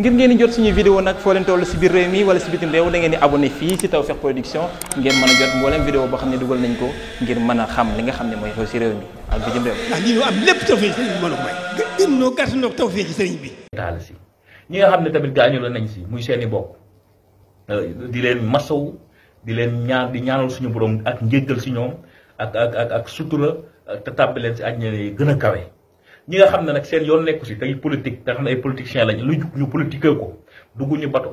ngir ngeen jot suñu vidéo nag foo leen toll si biir réew mi wala si bitim réew da ngeen di abonné fii si Tawfekh Production ngeen mën a jot mboolem vidéo boo xam ne dugal nañ ko ngir mën a xam li nga xam ne mooy xew si réew mi ak bitim réew. ndax lii a may. gën noo gàtt noo tawfeex sëriñ bi. si ñi nga xam ne tamit gaañu la nañ si muy seeni bokk euh, di leen masaw di leen ñaan di ñaanal suñu borom ak njéggal si ñoom ak ak ak sutura te tàbbi leen si yi gën a kawe ñi nga xam ne nag seen yoon nekku si tey politique te xam ne ay politiciens lañ lu jug ñu politique ko ñu bato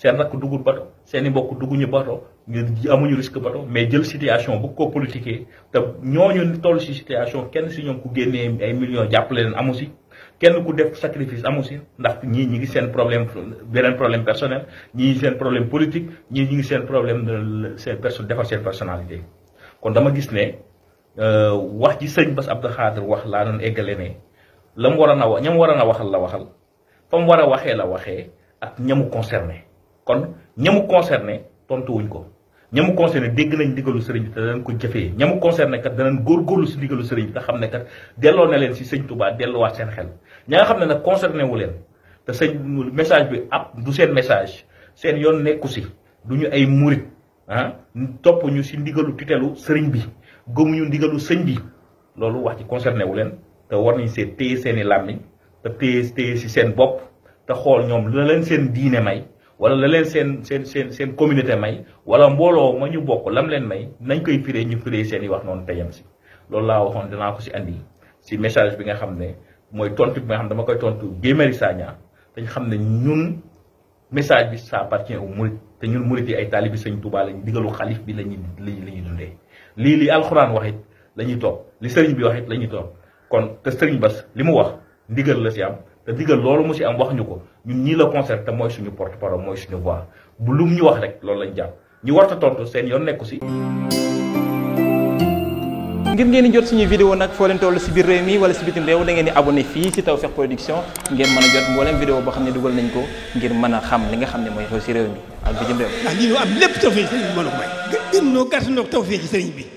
seen rakk duggul bato seen i mbokk dugguñu bato ñu amuñu risque bato mais jël situation bu ko politiquer te ñoo ñooñu toll si situation kenn si ñoom ku génnee ay millions jàppale leen amu si kenn ku def sacrifice amu si ndax ñii ñi ngi seen problème beneen problème personnel ñii seen problème politique ñi ñi ngi seen problème seen perso defar seen personnalité kon dama gis ne euh, wax ji sëñ Bass Abdou Khadre wax laa doon eggale la mu waroon a wax ña mu waroon a waxal la waxal fa mu war a waxee la waxee ak ñamu concerné kon ñamu concerné tontu wuñ ko ñamu concerné dégg nañ ndigalu sëriñ bi te danañ ko jëfee ñamu concerné kat danañ góorgóorlu si ndigalu sëriñ bi te xam ne kat delloo na leen si sëñ Touba delluwaat seen xel ña nga xam ne nag concerné wu leen te sëñ message bi ab du seen message seen yoon nekku si du ñu ay murit ah topp ñu si ndigalu tutelu sëriñ bi gëmuñu ndigalu sëñ bi loolu wax ci concerné wu leen te war nañu seen téye seeni làmmiñ te téye si seen bopp te xool ñoom la leen seen diine may wala la leen seen seen seen seen communauté may wala mbooloo ma ñu bokk lam leen may nañ koy firee ñu firee seen i wax noonu te yem si loolu laa waxoon danaa ko si andi si message bi nga xam ne mooy tontu bi nga xam dama koy tontu Guy Marius Sagna dañ xam ne ñun message bi sa partie au murid te ñun murid yi ay taalibi sëñ Tuubaa lañ digalu xalif bi lañuy lañuy dundee lii li alxuraan waxit la ñuy topp li sëriñ bi waxit la ñuy topp kon te Serigne Bass li mu wax ndigal la si am te ndigal loolu mu si am wax ñu ko ñun ñii la concert te mooy suñu porte parole mooy suñu voix bu lum ñu wax rek loolu lañ jàpp ñu warta tontu seen yoon nekku si. ngir ngeen di jot suñu vidéo nag foo leen toll si biir réew mi wala si bitim réew da di abonné fii si Tawfekh Production ngeen mën a jot mboolem vidéo boo xam ne dugal nañ ko ngir mën a xam li nga xam ne mooy xew si réew mi ak bitim réew. ndax lii am lépp Tawfekh sëriñ bi